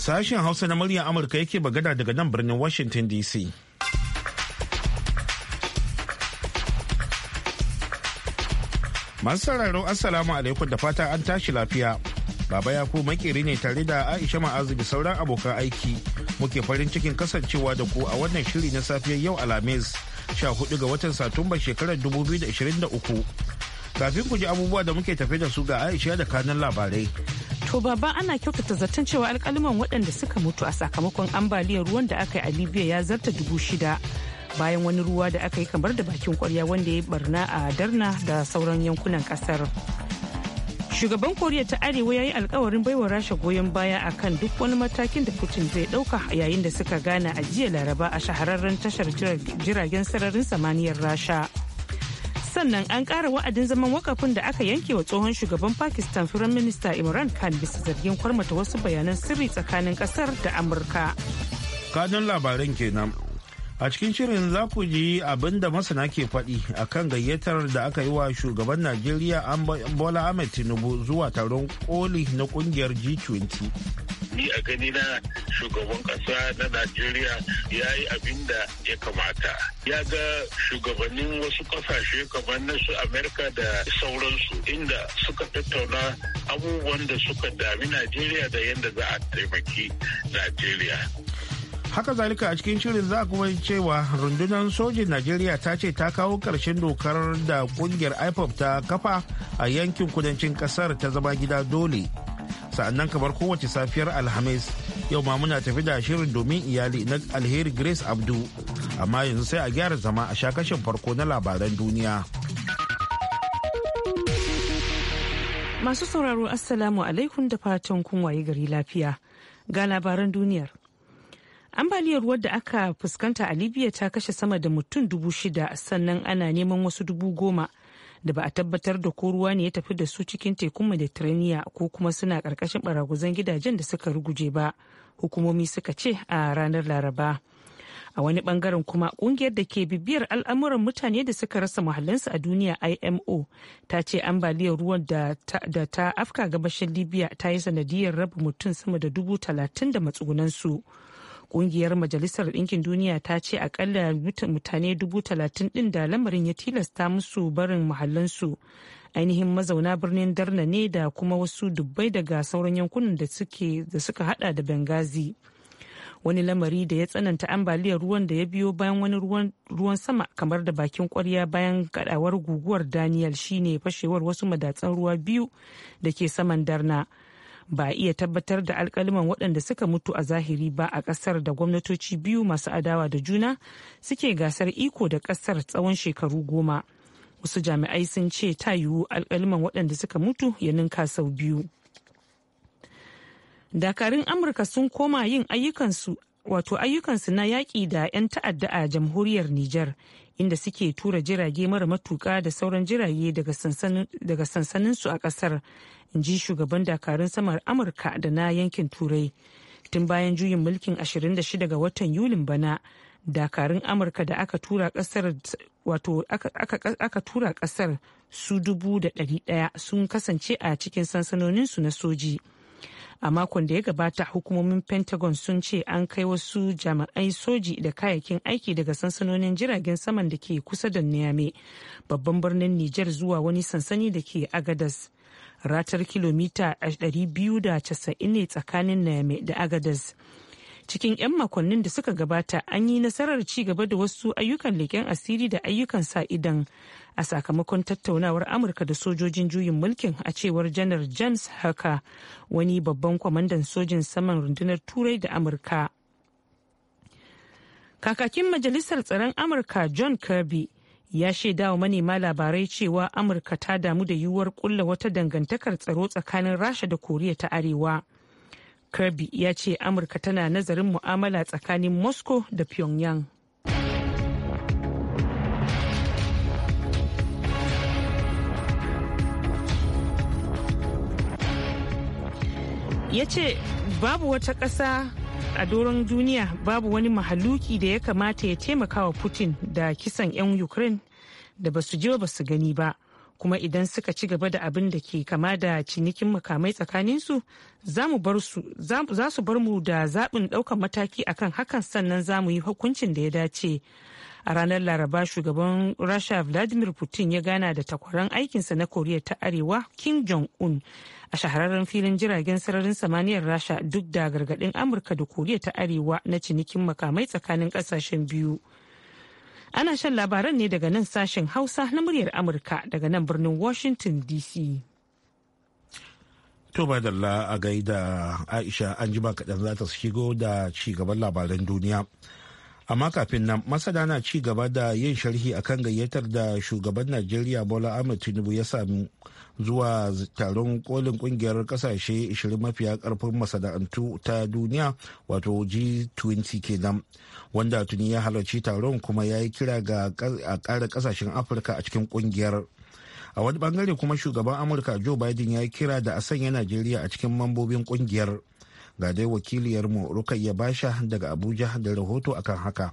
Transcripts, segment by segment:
Sashen Hausa na murya Amurka yake bagada daga nan birnin Washington DC. Masu sauraro Assalamu alaikum da fata an tashi lafiya. Baba ya ku makeri ne tare da Aisha Ma'azu da sauran abokan aiki. Muke farin cikin kasancewa da ku a wannan shiri na safiyar yau Alhamis 14 ga watan Satumba shekarar 2023. Kafin ku ji abubuwa da muke tafe da su ga Aisha da kanun labarai. To baba ana kyautata zaton cewa alkaliman waɗanda suka mutu a sakamakon ambaliyar ruwan da aka yi a Libya ya zarta dubu shida bayan wani ruwa da aka yi kamar da bakin kwarya wanda ya barna a Darna da sauran yankunan ƙasar. Shugaban Koriya ta Arewa ya yi alkawarin baiwa Rasha goyon baya a kan duk wani matakin da Putin zai ɗauka yayin da suka gana a jiya Laraba a shahararren tashar jiragen sararin samaniyar Rasha. sannan an ƙara wa'adin zaman wakafin da aka yanke wa tsohon shugaban pakistan firan minista imran khan bisa zargin kwarmata wasu bayanan sirri tsakanin ƙasar da amurka kanun labaran kenan A cikin shirin za ku ji abin da masana ke faɗi a kan gayyatar da aka yi wa shugaban Najeriya Bola Ahmed Tinubu zuwa taron koli na kungiyar G20. Ni a gani na shugaban ƙasa na Najeriya ya yi abin da ya kamata. Ya ga shugabannin wasu ƙasashe kamar na su Amerika da sauransu inda suka tattauna abubuwan da suka dami Najeriya da yadda za a taimaki Najeriya. haka zalika a cikin shirin za kuma cewa rundunar sojin najeriya ta ce ta kawo ƙarshen dokar da kungiyar ipop ta kafa a yankin kudancin ƙasar ta zama gida dole sa'annan kamar kowace safiyar alhamis yau ma muna tafi da shirin domin iyali na alheri grace abdu amma yanzu sai a gyara zama a shakashin farko na labaran duniya masu sauraro assalamu alaikum da fatan kun waye gari lafiya ga labaran duniyar ambaliyar ruwa da aka fuskanta a libya ta kashe sama da mutum dubu shida sannan ana neman wasu dubu goma da ba a tabbatar da ko ruwa ne ya tafi da su cikin tekun mediterania ko kuma suna karkashin baraguzan gidajen da suka ruguje ba hukumomi suka ce a ranar laraba a wani bangaren kuma kungiyar da ke bibiyar al'amuran mutane da suka rasa muhallinsu a duniya imo ta ce ambaliyar ruwan da ta afka gabashin libya ta yi sanadiyar raba mutum sama da dubu talatin da matsugunansu Kungiyar Majalisar Ɗinkin Duniya ta ce akalla mutane dubu talatin ɗin da lamarin ya tilasta musu barin mahallansu Ainihin mazauna birnin Darna ne da kuma wasu dubbai daga sauran yankunan da da suka hada da bengazi wani lamari da ya tsananta ambaliyar ruwan da ya biyo bayan wani ruwan sama kamar da bakin kwarya bayan kadawar guguwar daniel shine fashewar wasu madatsan ruwa biyu da ke saman darna ba a iya tabbatar da alkaliman waɗanda suka mutu a zahiri ba a ƙasar da gwamnatoci biyu masu adawa da juna suke gasar iko da ƙasar tsawon shekaru goma wasu jami'ai sun ce ta yiwu alkaliman waɗanda suka mutu ya ninka sau biyu dakarun amurka sun koma yin ayyukansu wato ayyukansu na yaƙi da 'yan ta'adda a jamhuriyar niger inda suke tura jirage mara matuka da sauran jirage daga sansaninsu a kasar in ji shugaban dakarun samar amurka da na yankin turai tun bayan juyin mulkin 26 ga watan yulin bana dakarun amurka da aka tura kasar wato aka tura kasar su dubu da ɗari ɗaya sun kasance a cikin sansanoninsu na soji. a makon da ya gabata hukumomin pentagon sun ce an kai wasu jami'ai soji da kayakin aiki daga sansanonin jiragen saman da ke kusa da niame babban birnin niger zuwa wani sansani da ke agadas ratar kilomita 290 ne tsakanin niame da agadas cikin 'yan makonnin da suka gabata an yi nasarar ci gaba da wasu ayyukan leƙen asiri da ayyukan sa idan a sakamakon tattaunawar amurka da sojojin juyin mulkin a cewar janar james haka wani babban kwamandan sojin saman rundunar turai da amurka kakakin majalisar tsaron amurka john kirby ya shaidawa manema labarai cewa amurka ta damu da yiwuwar kulla wata dangantakar tsaro tsakanin rasha da koriya ta arewa kirby ya ce amurka tana nazarin mu'amala tsakanin moscow da pyongyang ya ce babu wata ƙasa a doron duniya babu wani mahaluki da ya kamata ya taimaka wa putin da kisan 'yan ukraine da ba basu je su gani ba kuma idan suka ci gaba da abin da ke kama da cinikin makamai tsakaninsu za su bar mu da zaɓin ɗaukan mataki akan hakan sannan za mu yi hukuncin da ya dace a ranar laraba shugaban rasha vladimir putin ya gana da takwaran aikinsa na koriya ta arewa kim jong-un a shahararren filin jiragen sararin samaniyar rasha duk da gargaɗin amurka da koriya ta arewa na cinikin makamai tsakanin ƙasashen biyu. Ana shan labaran ne daga nan sashen Hausa na muryar Amurka daga nan birnin Washington DC. To badalla a gaida Aisha an jima kaɗan za ta shigo da cigaban labaran duniya. amma kafin nan masana na ci gaba da yin sharhi akan gayyatar da shugaban najeriya bola ahmed tinubu ya sami zuwa taron kolin kungiyar kasashe 20 mafiya karfin masana'antu ta duniya wato g20 kenan wanda tuni ya halarci taron kuma ya yi kira ga a kara kasashen afirka a cikin kungiyar a wani bangare kuma shugaban amurka joe biden ya yi kira da a sanya najeriya a cikin mambobin kungiyar ga dai wakiliyarmu rukayya basha daga abuja da rahoto akan haka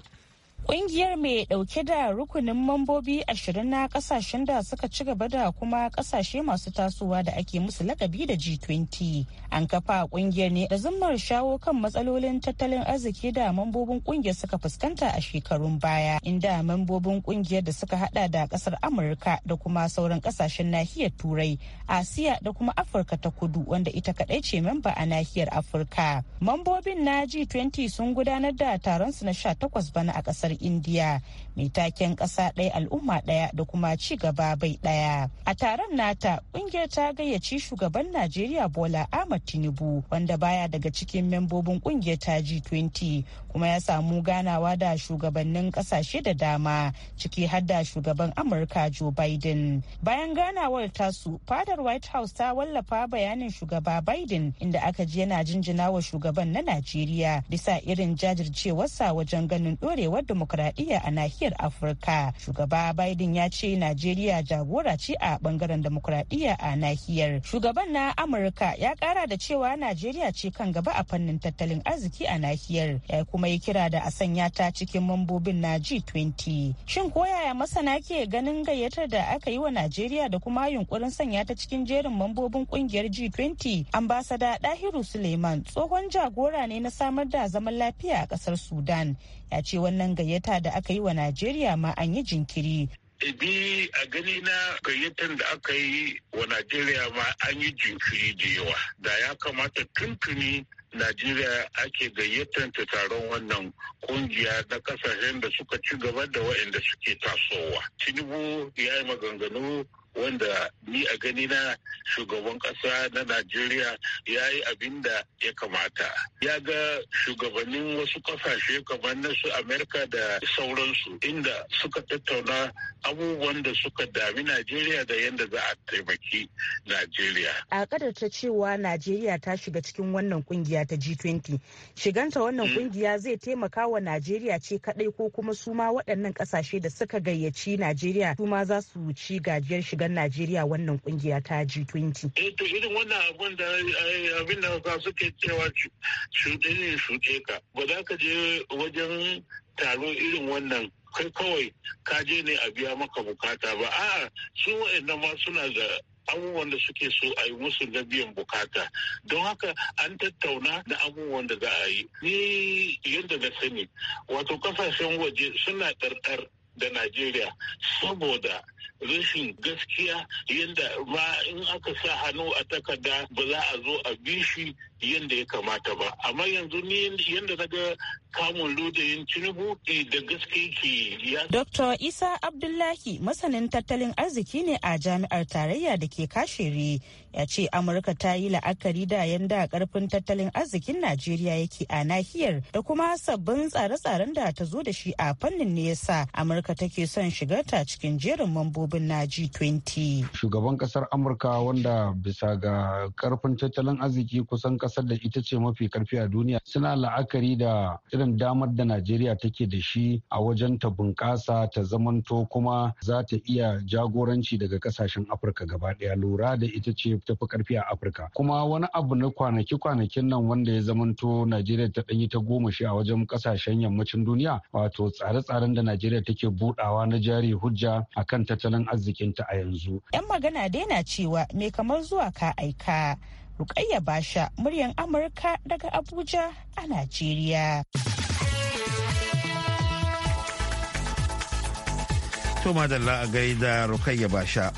Ƙungiyar mai ɗauke da rukunin mambobi ashirin na ƙasashen da suka ci gaba da kuma ƙasashe masu tasowa da ake musu lakabi da G20. An kafa ƙungiyar ne da zimmar shawo kan matsalolin tattalin arziki da mambobin ƙungiyar suka fuskanta a shekarun baya, inda mambobin ƙungiyar da suka hada da ƙasar Amurka da kuma sauran ƙasashen nahiyar Turai, Asiya da kuma Afirka ta Kudu wanda ita kaɗai ce memba a nahiyar Afirka. Mambobin na G20 sun gudanar da taron su na 18 bana a ƙasar kasar indiya mai taken kasa ɗaya al'umma ɗaya da kuma ci gaba bai ɗaya a taron nata kungiyar ta gayyaci shugaban najeriya bola ahmad tinubu wanda baya daga cikin membobin kungiyar ta g20 kuma ya samu ganawa da shugabannin kasashe da dama ciki har da shugaban amurka joe biden bayan ganawar tasu fadar white house ta wallafa bayanin shugaba biden inda aka ji yana jinjina wa shugaban na najeriya bisa irin jajircewarsa wajen ganin dorewar demokuraɗiyya a nahiyar afirka shugaba biden ya ce najeriya jagora ce a bangaren demokuraɗiyya a nahiyar shugaban na amurka ya kara da cewa najeriya ce kan gaba a fannin tattalin arziki a nahiyar ya kuma yi kira da a sanya ta cikin mambobin na g20 shin koyaya masana ke ganin gayyatar da aka yi wa najeriya da kuma yunkurin sanya ta cikin jerin mambobin kungiyar g20 ambasada dahiru suleiman tsohon jagora ne na samar da zaman lafiya a kasar sudan ya ce wannan gayyatar gayyata da aka yi wa Najeriya ma an yi jinkiri. Ibi a gani na gayyatar da aka yi wa Najeriya ma an yi jinkiri da yawa. Da ya kamata tuntuni Najeriya ake gayyatar ta taron wannan kungiya na kasashen da suka ci gaba da waɗanda suke tasowa. Tinubu ya yi maganganu wanda ni a gani na shugaban kasa na najeriya ya yi abin da ya kamata ya ga shugabannin wasu kasashe kamar na su amerika da sauransu inda suka tattauna abubuwan da suka dami najeriya da yadda za a taimaki najeriya a ta cewa najeriya ta shiga cikin wannan kungiya ta g20 shiganta wannan kungiya mm. zai taimaka wa najeriya ce kadai ko kuma suma waɗannan ƙasashe da suka gayyaci najeriya su ma za su ci gajiyar shiga kujerar Najeriya wannan kungiya ta G20. Eh to irin wannan abun da eh, abin da ka suke cewa shuɗe ne shuɗe ka ba za ka je wajen taro irin wannan kai kawai ka je ne a biya maka bukata ba a'a su wa'annan ma suna da abubuwan da suke so a yi musu na biyan bukata don haka an tattauna da abubuwan da za a yi ni yadda na sani wato kasashen waje suna ɗarɗar da najeriya saboda rashin gaskiya yadda ba in aka sa hannu a takarda ba za a zo a bi shi yadda ya kamata ba amma yanzu ni yadda na ga kamun ludayin tinubu eh, da gaske ke ya dr isa abdullahi masanin tattalin arziki ne a jami'ar tarayya da ke kashere ya ce amurka ta yi la'akari da yadda karfin tattalin arzikin najeriya yake a nahiyar da kuma sabbin tsare-tsaren da ta zo da shi a fannin nesa amurka take son shigarta cikin jerin mambobi mambobin na G20. Shugaban kasar Amurka wanda bisa ga karfin tattalin arziki kusan kasar da ita ce mafi karfi a duniya suna la'akari da irin damar da Najeriya take da shi a wajen ta bunƙasa ta zamanto kuma za ta iya jagoranci daga kasashen Afirka gaba ɗaya lura da ita ce tafi karfi a Afirka. Kuma wani abu na kwanaki-kwanakin nan wanda ya zamanto Najeriya ta ɗanyi ta goma shi a wajen kasashen yammacin duniya wato tsare-tsaren da Najeriya take buɗawa na jari hujja akan tattalin tattalin arzikinta a yanzu. 'Yan magana dai na cewa me kamar zuwa ka aika. Rukayya Basha, muryan Amurka daga Abuja a Najeriya. To madalla a gaida Rukayya Basha.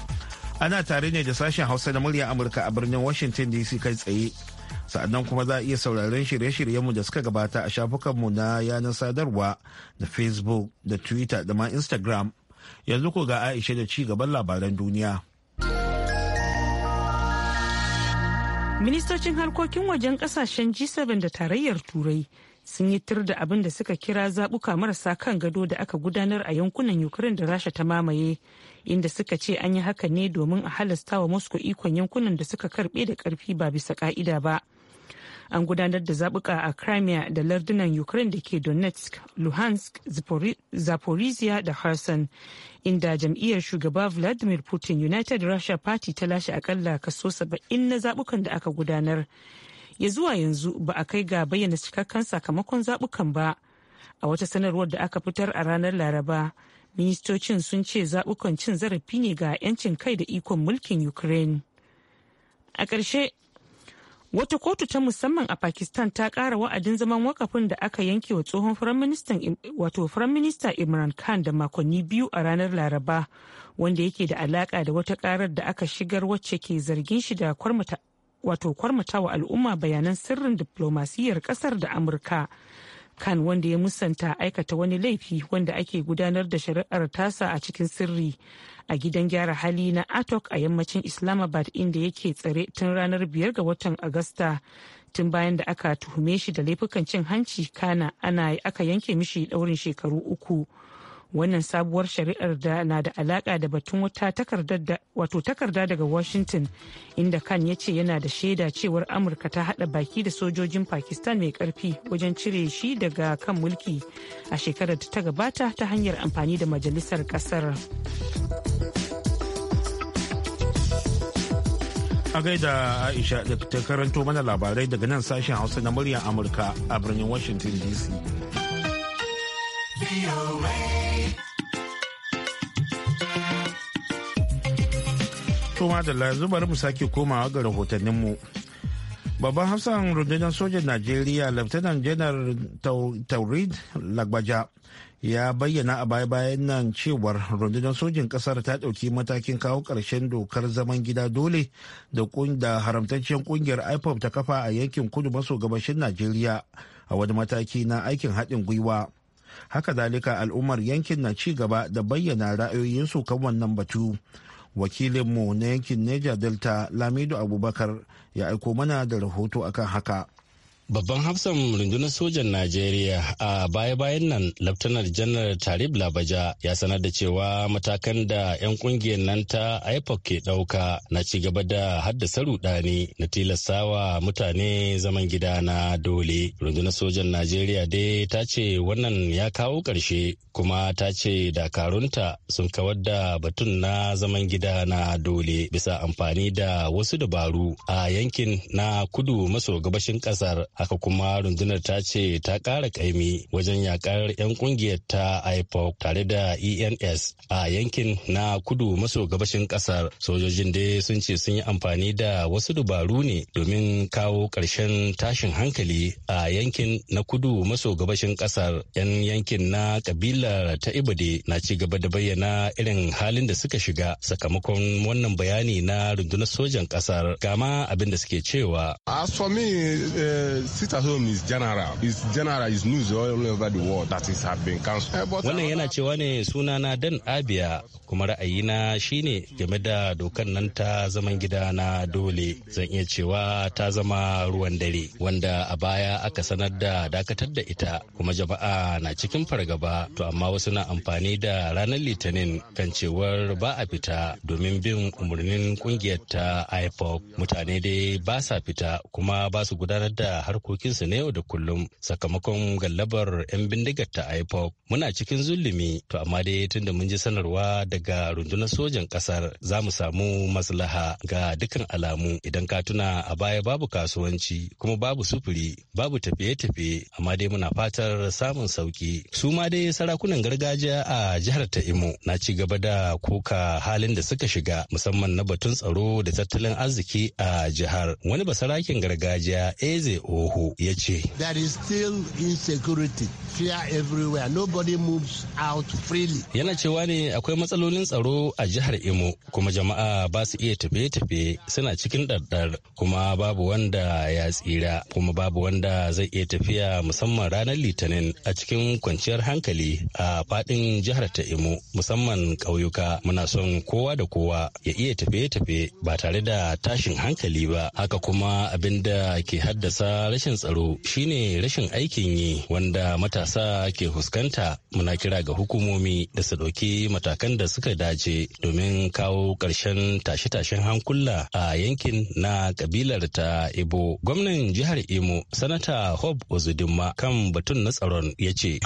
Ana tare ne da sashen Hausa na murya Amurka a birnin Washington DC kai tsaye. sa'annan kuma za a iya sauraron shirye-shiryenmu da suka gabata a shafukanmu na yanar sadarwa da facebook da twitter da ma instagram Yanzu ko ga Aisha da ci gaban labaran duniya. Ministocin harkokin wajen kasashen G7 da tarayyar Turai sun yi tur da abin da suka kira zabuka marasa kan gado da aka gudanar a yankunan Ukraine da Rasha ta mamaye, inda suka ce an yi haka ne domin a halasta wa Moscow ikon yankunan da suka karbe da karfi ba bisa ka'ida ba. an gudanar da zabuka a crimea da lardunan ukraine da ke donetsk luhansk zaporizhia da kherson inda jam'iyyar shugaba vladimir putin united russia party ta lashe akalla kaso 70 na zabukan da aka gudanar ya zuwa yanzu ba a kai ga bayyana cikakken sakamakon zabukan ba a wata sanarwar da aka fitar a ranar laraba ministocin sun ce zabukan cin zarafi ne ga 'yancin kai da ikon mulkin ukraine a ƙarshe Wata kotu ta musamman a Pakistan ta ƙara wa'adin zaman wakafin da aka yanke wa tsohon Firaminista Imran Khan da makonni biyu a ranar Laraba, wanda yake da alaƙa da wata ƙarar da aka shigar wacce ke zargin shi da kwarmata wa al'umma bayanan sirrin diplomasiyyar ƙasar da Amurka. Khan wanda ya musanta aikata wani laifi wanda ake gudanar da shari'ar tasa a cikin sirri. a gidan gyara hali na atok a yammacin islamabad inda yake tsare tun ranar biyar ga watan agusta tun bayan da aka tuhume shi da laifukan cin hanci kana ana aka yanke mishi daurin shekaru uku wannan sabuwar shari'ar da na da alaka da batun wata takarda daga washington inda kan ya ce yana da shaida cewar amurka ta hada baki da sojojin pakistan mai karfi wajen cire shi daga kan mulki a shekarar da ta gabata ta hanyar amfani da majalisar kasar a gaida aisha da ta karanto mana labarai daga nan sashen hausa na muryar amurka a birnin washington dc To madalla yanzu bari mu sake komawa ga rahotannin mu Babban Hafsan rundunar sojan Najeriya Laftanan Janar Taurid Lagbaja ya bayyana a baya-bayan nan cewar rundunar sojin kasar ta dauki matakin kawo karshen dokar zaman gida dole da haramtaccen kungiyar IPOP ta kafa a yankin kudu maso gabashin Najeriya a wani mataki na aikin haɗin gwiwa. Haka zalika al'ummar yankin na ci gaba da bayyana ra'ayoyinsu kan wannan batu. wakilinmu na yankin neja delta lamido abubakar ya aiko mana da rahoto akan haka Babban hafsan rundunar sojan Najeriya a baya-bayan nan Laftanar Janar Tarib Labaja ya sanar da cewa matakan da 'yan kungiyar nan ta IPOC ke ɗauka na cigaba da haddasa rudani na tilastawa mutane zaman gida na dole. Rundunar sojan Najeriya dai ta ce wannan ya kawo ƙarshe kuma ta ce dakarunta sun kawar da batun na zaman gida na dole bisa amfani da wasu dabaru a yankin na kudu maso gabashin ƙasar haka kuma rundunar ta ce ta ƙara ƙaimi wajen yakar 'yan kungiyar ta ipoc tare da ens a yankin na kudu maso gabashin ƙasar sojojin dai sun ce sun yi amfani da wasu dubaru ne domin kawo ƙarshen tashin hankali a yankin na kudu maso gabashin ƙasar 'yan yankin na kabilar ta ibade na ci gaba da bayyana irin halin da suka shiga sakamakon wannan bayani na rundunar sojan ƙasar gama abin da suke cewa as for me eh, sit at home is general. Is general is news all over the world that is have been cancelled. Eh, Wannan uh, yana uh, cewa ne sunana Dan Abia kuma ra'ayina shine game da dokan nan ta zaman gida na dole zan iya cewa ta zama ruwan dare wanda a baya aka sanar da dakatar da ita kuma jama'a na cikin fargaba to amma wasu na amfani da ranar litinin kan cewar ba a fita domin bin umarnin kungiyar ta ipop mutane dai ba sa fita kuma ba su gudanar da har harkokinsu na yau da kullum sakamakon gallabar 'yan bindigar ta ipoc muna cikin zulumi to amma dai tun da mun ji sanarwa daga rundunar sojan kasar za mu samu maslaha ga dukkan alamu idan ka tuna a baya babu kasuwanci kuma babu sufuri babu tafiye-tafiye amma dai muna fatar samun sauki su ma dai sarakunan gargajiya a jihar ta imo na ci gaba da kuka halin da suka shiga musamman na batun tsaro da tattalin arziki a jihar wani basarakin gargajiya EZO. Oho ya ce. is insecurity, fear everywhere, nobody moves out freely. Yana cewa ne akwai matsalolin tsaro a jihar Imo kuma jama'a ba su iya tafe tafe suna cikin ɗarɗar kuma babu wanda ya tsira kuma babu wanda zai iya tafiya musamman ranar Litinin a cikin kwanciyar hankali a faɗin jihar ta Imo musamman ƙauyuka muna son kowa da kowa ya iya tafe tafe ba tare da tashin hankali ba haka kuma abin da ke haddasa rashin tsaro shine rashin aikin yi wanda matasa ke fuskanta muna kira ga hukumomi da su ɗauki matakan da suka dace domin kawo ƙarshen tashe-tashen hankula a yankin na kabilar ta Ibo. Gwamnan jihar Imo, Sanata Hob Ozudinma kan batun na tsaron ya ce.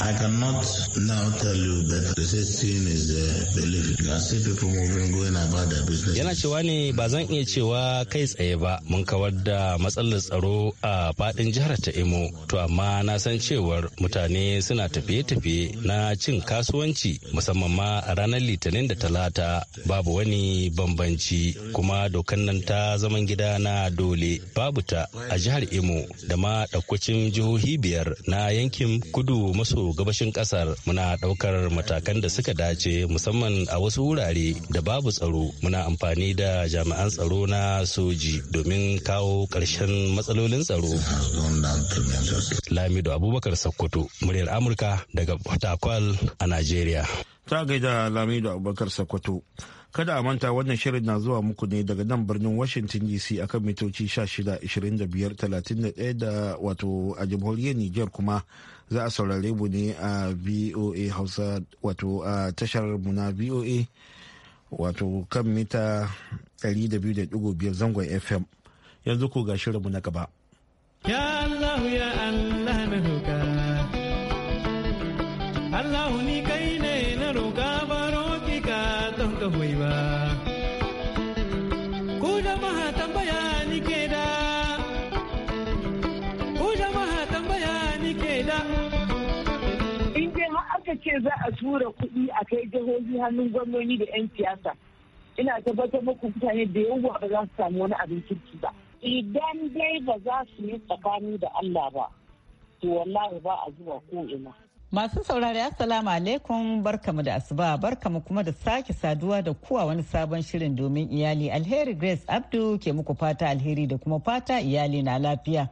Yana cewa ne ba zan iya cewa kai tsaye ba mun kawar da matsalar tsaro a faɗin jihar ta Imo. To amma na san cewar mutane suna tafiye-tafiye na cin kasuwanci musamman ma a ranar Litinin da Talata babu wani bambanci kuma dokan nan ta zaman gida na dole babu ta a jihar Imo da ma ɗaukacin jihohi biyar na yankin kudu maso gabashin ƙasar muna ɗaukar matakan da suka dace musamman a wasu wurare da babu tsaro muna amfani da jami'an tsaro na soji domin kawo ƙarshen matsalolin tsaro. Lamido Abubakar Sokoto, muryar Amurka daga Fatakwal a Najeriya. Ta gaida Lamido Abubakar Sokoto. Kada a manta wannan shirin na zuwa muku ne daga nan birnin Washington DC akan mitoci 16, 25, 31 da wato a jamhuriyar Nijar kuma za a saurare mu ne a VOA Hausa wato a tashar mu na VOA wato kan mita 200.5 zangon FM. Yanzu ku ga shirinmu na gaba. Ya Allah ya Allah na roƙa. Allah ni kai ne na roƙa ba roƙi ka don ka ba. Ku jama'a tambaya ni ke da. Ku jama'a tambaya ni ke da. In dai har aka ce za a tura kuɗi a kai jihohi hannun gwamnoni da 'yan siyasa. Ina tabbatar muku mutane da yawa ba za su samu wani abin kirki ba. idan dai ba za su yi tsakani da Allah ba to wallahi ba a zuwa ko ina Masu saurari Assalamu alaikum barkamu da asuba barkamu kuma da sake saduwa da kuwa wani sabon shirin domin iyali alheri Grace Abdu ke muku fata alheri da kuma fata iyali na lafiya.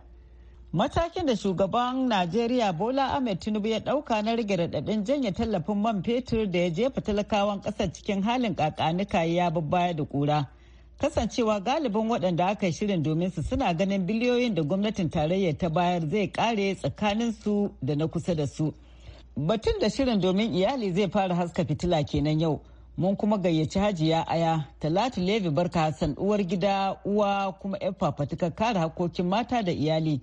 Matakin da shugaban Najeriya Bola Ahmed Tinubu ya dauka na rage radadin janye tallafin man fetur da ya jefa talakawan kasar cikin halin kakanika ya babbaya da kura. kasancewa galibin waɗanda aka yi shirin domin su suna ganin biliyoyin da gwamnatin tarayyar ta bayar zai kare tsakanin su da na kusa da su batun da shirin domin iyali zai fara haska fitila kenan yau mun kuma gayyaci hajiya aya talatu levi barka hassan uwar gida uwa kuma yan fafatuka kare hakokin mata da iyali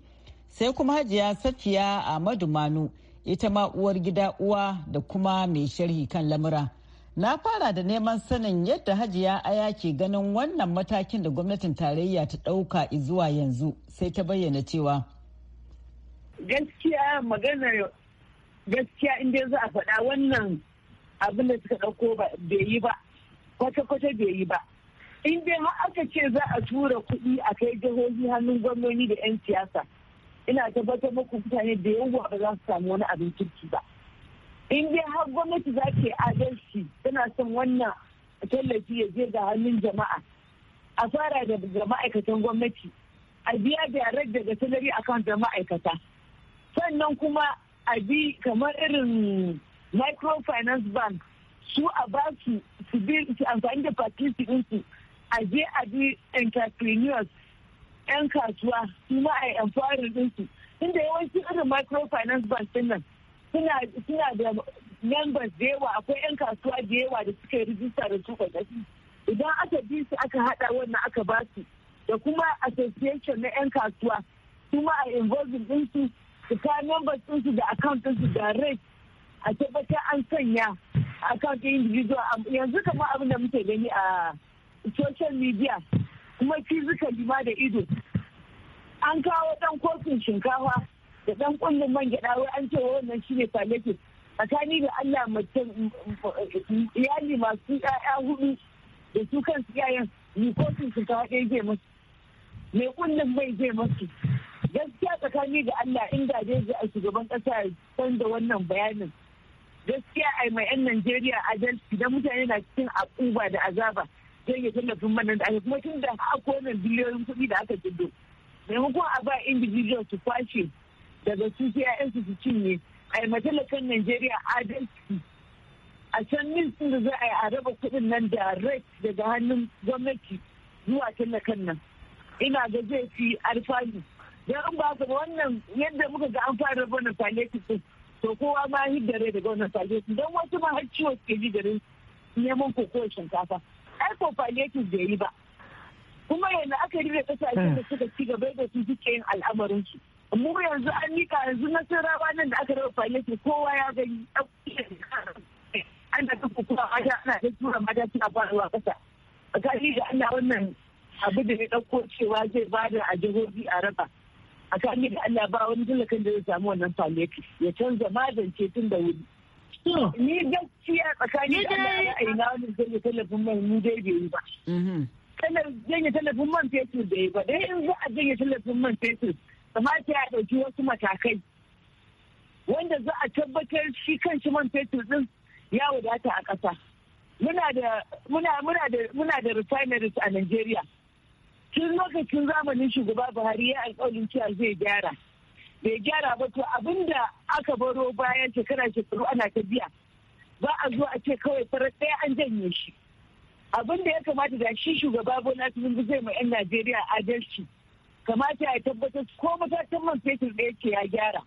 sai kuma hajiya safiya ahmadu manu ita ma uwar gida uwa da kuma mai sharhi kan lamura Na fara da neman sanin yadda hajiya aya ke ganin wannan matakin da gwamnatin tarayya ta ɗauka zuwa yanzu sai ta bayyana cewa. Gaskiya magana gaskiya inda za a faɗa wannan abin da suka ɗauko bai yi ba, kwata-kwata bai yi ba. In dai aka ce za a tura kuɗi a kai jihohi hannun gwamnoni da 'yan siyasa, ina tabbatar muku mutane da yawa ba za su samu wani abin kirki ba. in dai har gwamnati za ke adalci tana son wannan tallafi ya je ga hannun jama'a a fara da ma'aikatan gwamnati a biya direct daga salari account da ma'aikata sannan kuma a bi kamar irin microfinance bank su a ba su su bi su amfani da facility ɗinsu a je a bi entrepreneurs 'yan kasuwa su ma a yi su inda yawanci irin microfinance bank ɗin nan suna da members da yawa akwai 'yan kasuwa da yawa da suka yi rijista da su idan aka bi su aka haɗa wannan aka ba su da kuma association na 'yan kasuwa kuma a involving din su ka members su da account su da rate a tabbatar an sanya account individual yanzu kamar abin da muke gani a social media kuma physical ma da ido an kawo ɗan kofin shinkafa da dan kullum man gida wai an ce wannan shine palliative tsakani da Allah mace iyali masu ƴaƴa hudu da su kan kansu ni ko su kawai ɗaya ke musu mai kullum bai je musu gaskiya tsakani da Allah inda ji a shugaban kasa san da wannan bayanin gaskiya ai mai yan Najeriya adalci da mutane na cikin akuba da azaba sai ya tallafin manan da aka kuma tun da haka wannan biliyoyin kuɗi da aka jiddo maimakon a ba individual su kwashe daga su sai su cinye a yi matalakan najeriya adalci a can nisan da za a yi a raba kuɗin nan da direct daga hannun gwamnati zuwa talakan nan ina ga zai fi alfani don in ba wannan yadda muka ga an fara raba na faleti din to kowa ma rai daga wannan faleti don wasu ma har ciwo suke ji garin neman koko shinkafa ai ko faleti bai yi ba kuma yanzu aka rike kasashen da suka ci gaba da su suke yin al'amarin su mu yanzu an ka yanzu na rawa nan da aka raba fayyaki kowa ya gani an da kafa kuma mata ana da tura mata suna faruwa kasa tsakani da ana wannan abu da ya ɗauko cewa zai bada a jihohi a raba a yi da Allah ba wani talakan da zai samu wannan fayyaki ya canza magance tun da wuri. Ni gaskiya tsakanin da Allah na wani zai yi tallafin mai ni dai bai yi ba. Janye mhm. tallafin man fetur bai yi ba dai in za a janye tallafin man fetur kamata ya ɗauki wasu matakai wanda za a tabbatar shi kan shi man fetur ɗin ya wadata a ƙasa. Muna da refineries a Najeriya. Tun lokacin zamanin shugaba Buhari ya alƙawarin cewa zai gyara. Bai gyara ba to abinda aka baro bayan shekara shekaru ana ta biya. Ba a zo a ce kawai farar ɗaya an janye shi. Abin da ya kamata da shi shugaba Bola zai ma 'yan Najeriya adalci. kamata ya tabbatar ko matakin man fetur da yake ya gyara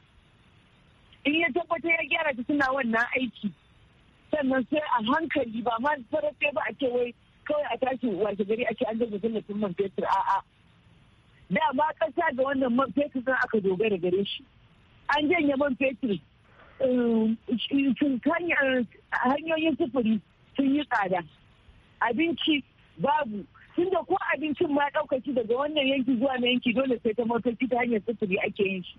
in ya tabbatar ya gyara ta suna wannan aiki sannan sai a hankali ba ma sarrafe ba ake wai kawai a tashi wasu gari ake an gaza tallafin man fetur a'a da ma kasa ga wannan man fetur zan aka dogara gare shi an janye man fetur um, hanyoyin sufuri sun yi tsada abinci babu tun da ko abincin ma ɗaukaki daga wannan yanki zuwa na yanki dole sai ta motoci ta hanyar sufuri ake yin shi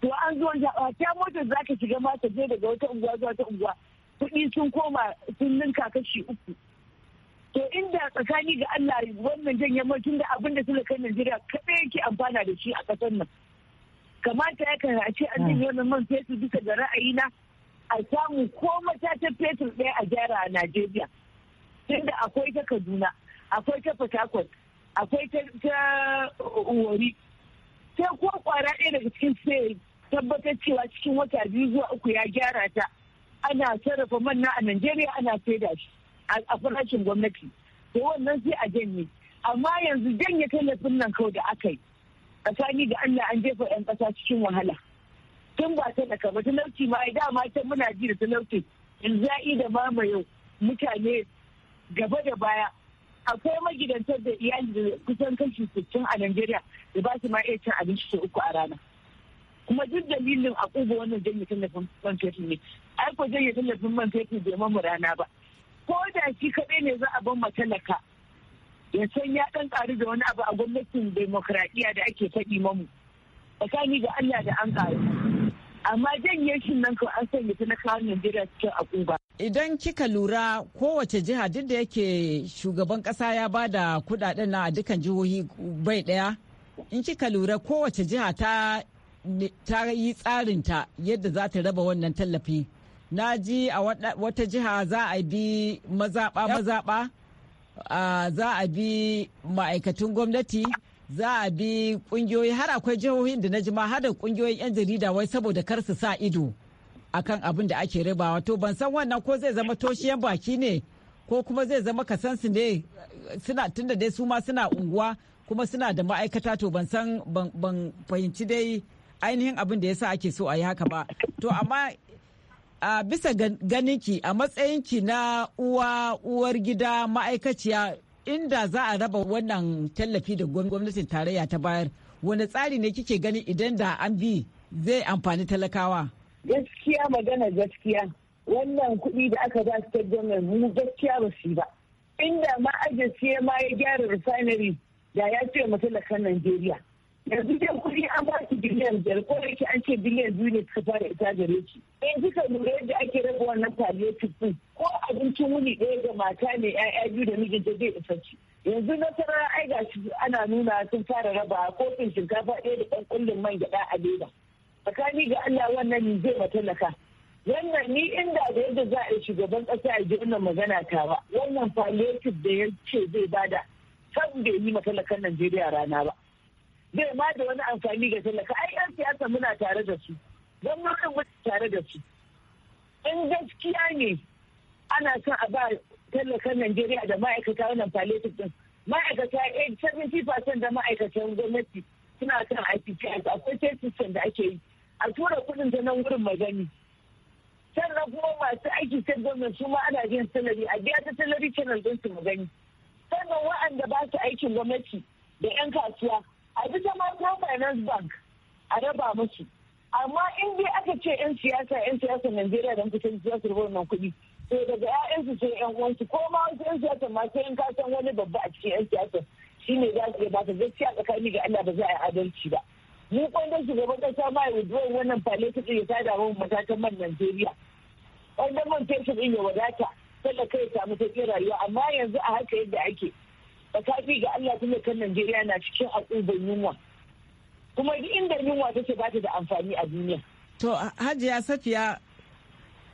to an zuwa jaɓa ta motar za ka shiga ma ka je daga wata unguwa zuwa ta unguwa kuɗi sun koma sun ninka kashi uku to inda tsakani ga Allah wannan jan yamma tun da abin da suka kai Najeriya kaɗai yake amfana da shi a ƙasar nan kamata ya kan a ce an wannan man fetur bisa ga ra'ayina a samu ko matatar fetur ɗaya a gyara a Najeriya tunda akwai ta Kaduna akwai ta Fatakwal, akwai ta Wari. Sai ko kwara ɗaya daga cikin sai tabbatar cewa cikin wata biyu zuwa uku ya gyara ta. Ana sarrafa manna a Najeriya ana saida shi a farashin gwamnati. Da wannan sai a janye. Amma yanzu janye tallafin nan kawai da aka yi. Tsakani da Allah an jefa 'yan ƙasa cikin wahala. Tun ba ta daga ba talauci ma dama ta muna ji da talauci. Yanzu za'i da mama yau mutane gaba da baya akwai magidantar da iyali da kusan kashi sittin a Najeriya da ba su ma iya cin abinci sau uku a rana. Kuma duk dalilin a ƙuba wannan janye tallafin man fetur ne. Ai ko janye tallafin man fetur bai mamu rana ba. Ko da shi kaɗai ne za a ban matalaka. Ya san ya ɗan ƙaru da wani abu a gwamnatin demokuraɗiyya da ake faɗi mamu. Tsakani ga Allah da an ƙaru. amma janye shi nan ko an sanya kawo Najeriya cikin akuba. Idan kika lura kowace jiha duk da yake shugaban kasa ya ba da kudaden na dukkan jihohi bai daya in kika lura kowace jiha ta ta yi tsarinta yadda za ta raba wannan tallafi. Na ji a wata jiha za a bi mazaɓa mazaɓa za a bi ma'aikatun gwamnati. za a bi kungiyoyi har akwai jihohin da na jima har da kungiyoyin 'yan jarida wai saboda kar su sa ido akan abin da ake rabawa to ban san wannan ko zai zama toshiyan baki ne ko kuma zai zama kasansu ne suna tunda dai su ma suna unguwa kuma suna da ma'aikata to ban san ban fahimci dai ainihin abin da yasa ake so a yi haka ba to amma a bisa ganinki a matsayinki na uwa uwar gida ma'aikaciya inda za a raba wannan tallafi da gwamnatin tarayya ta bayar wani tsari ne kike gani idan da an bi zai amfani talakawa gaskiya magana gaskiya wannan kuɗi da aka ba su gwamnati mu gaskiya ba su ba inda ma ma ya gyara refinery da ya ce mu talakan najeriya yanzu ke kuɗi an ba su biliyan biyar ko da yake an ce biliyan biyu ne suka fara ita da shi in ka lura yadda ake raba wannan taliya din ko abincin wuni ɗaya ga mata ne 'ya'ya biyu da mijinta zai isa ci yanzu nasara ai su ana nuna sun fara raba kofin shinkafa ɗaya da ɗan kullum man gyaɗa a leda tsakani ga Allah wannan zai matalaka wannan ni inda da yadda za a yi shugaban ƙasa a ji wannan magana ta ba wannan palliative da ya ce zai bada kan bai yi matalakan Najeriya rana ba zai ma da wani amfani ga talaka ai yan siyasa muna tare da su gwamnatin muna tare da su in gaskiya ne ana son a ba tallakan Najeriya da ma'aikata wannan palliative din ma'aikata 70% eh, da ma'aikatan gwamnati suna kan IPTI akwai test system da ake yi a tura kudin ta nan wurin magani sannan kuma masu aiki ta gwamnati su ma ana jin salari a biya ta salari channel din su magani sannan wa'anda ba su aikin gwamnati da 'yan kasuwa a ji ta finance bank a raba musu amma in dai aka ce yan siyasa yan siyasa najeriya da mutum za su rubar nan kuɗi to daga ya'yansu sai yan uwansu ko ma wasu yan siyasa ma sai in ka san wani babba a cikin yan siyasa shi ne za su ba ta gaskiya tsakani ga Allah ba za a yi adalci ba mu kwanda shugaban kasa ma ya wuduwa wannan fale ta tsaye ta damu matakan man Najeriya wanda man fetur ɗin ya wadata kai ya samu ta rayuwa amma yanzu a haka yadda ake tsakafi ga Allah kan Najeriya na cikin akuban yunwa kuma duk inda yunwa take ba ta da amfani a duniya. To Hajiya Safiya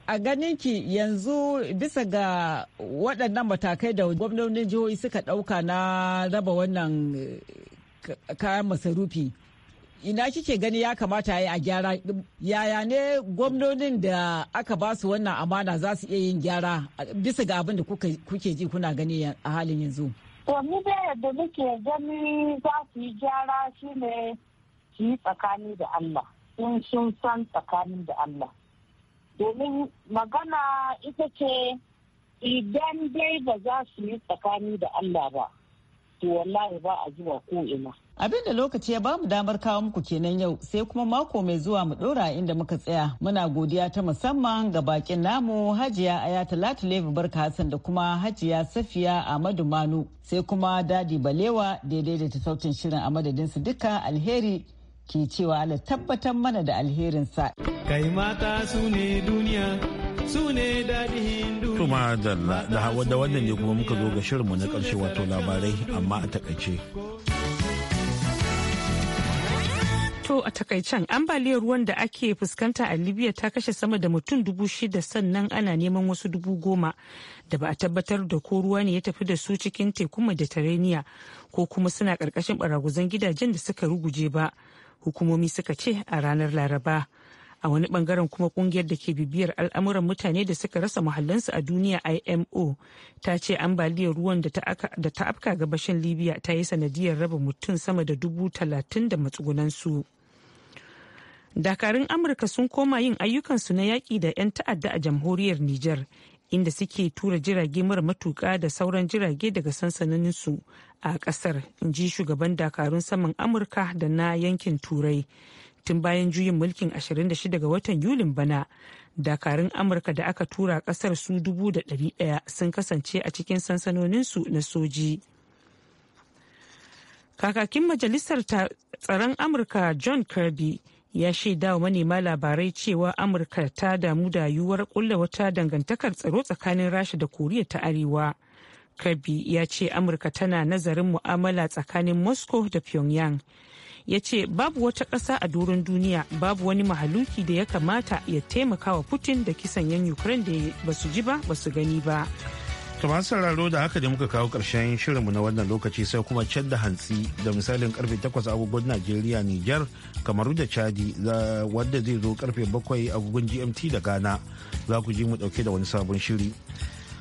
a ganinki yanzu bisa ga waɗannan matakai da gwamnonin jihohi suka ɗauka na raba wannan eh, kayan masarufi ina kike gani ya kamata ya yi a gyara yaya ne gwamnonin da aka ba su wannan amana za su iya yin gyara bisa ga abin da kuke ji kuna gani a halin yanzu To ni da muke gani za su yi gyara shi ne su yi tsakani da Allah, in sun san tsakani da Allah. Domin magana ita ce idan dai ba za su yi tsakani da Allah ba, to wallahi ba a zuwa ko ina. Abin da lokaci ya bamu damar kawo muku kenan yau sai kuma mako mai zuwa mu dora inda muka tsaya. Muna godiya ta musamman ga bakin namu Hajiya Aya Talatu Lebu Barka Hassan da kuma Hajiya Safiya Ahmadu Manu sai kuma Dadi Balewa daidai da ta sautin shirin a madadinsu duka alheri ke cewa Allah tabbatar mana da alherinsa. Kai mata su ne duniya kuma da da wannan ne kuma muka zo ga shirinmu na karshe wato labarai amma a takaice. To a takaicen ambaliyar ruwan da ake fuskanta a Libya ta kashe sama da mutum dubu shida sannan ana neman wasu dubu goma da ba a tabbatar da ko ruwa ne ya tafi da su cikin tekun Mediterranean ko kuma suna karkashin baraguzan gidajen da suka ruguje ba. Hukumomi suka ce a ranar Laraba. a wani bangaren kuma kungiyar da ke bibiyar al'amuran mutane da suka rasa muhallinsu a duniya imo ta ce ambaliyar ruwan da ta afka gabashin libya ta yi sanadiyar raba mutum sama da dubu talatin da matsugunansu dakarun amurka sun koma yin ayyukansu na yaƙi da 'yan ta'adda a jamhuriyar niger inda suke tura jirage mara matuƙa da sauran jirage daga su a ƙasar in ji shugaban dakarun saman amurka da na yankin turai tun bayan juyin mulkin 26 ga watan yulin bana dakarun amurka da aka tura kasar su dubu da ɗaya sun kasance a cikin sansanoninsu na soji kakakin majalisar tsaron amurka john kirby ya shaida wa manema labarai cewa amurka ta damu da yiwuwar kulla wata dangantakar tsaro tsakanin rasha da koriya ta arewa kirby ya ce amurka tana nazarin mu'amala tsakanin moscow da pyongyang ya ce babu wata ƙasa a doron duniya babu wani mahaluki da ya kamata ya taimaka wa putin da kisan yan ukraine da ba su ji ba ba su gani ba kamar sauraro da haka da muka kawo ƙarshen shirinmu na wannan lokaci sai kuma can da hantsi da misalin karfe 8 agogon najeriya niger kamaru da chadi wadda zai zo karfe 7 agogon gmt da ghana za ku ji mu dauke da wani sabon shiri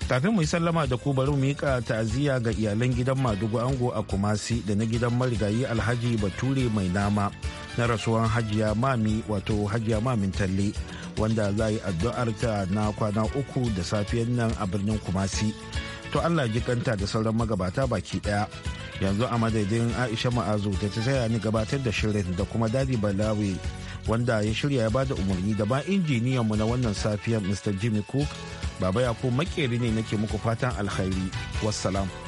kafin mu yi sallama da ku bari mu ka ta'aziyya ga iyalan gidan madugu ango a kumasi da na gidan marigayi alhaji bature mai nama na rasuwan hajiya mami wato hajiya mamin talle wanda za yi addu'ar ta na kwana uku da safiyan nan a birnin kumasi to allah jikanta da sauran magabata baki daya yanzu a madadin aisha ma'azu da ta saya ni gabatar da shirin da kuma dadi balawi wanda ya shirya ya bada umarni da ba injiniyanmu na wannan safiyar mr jimmy cook Baba ko makeri ne nake muku fatan alkhairi. Wassalam.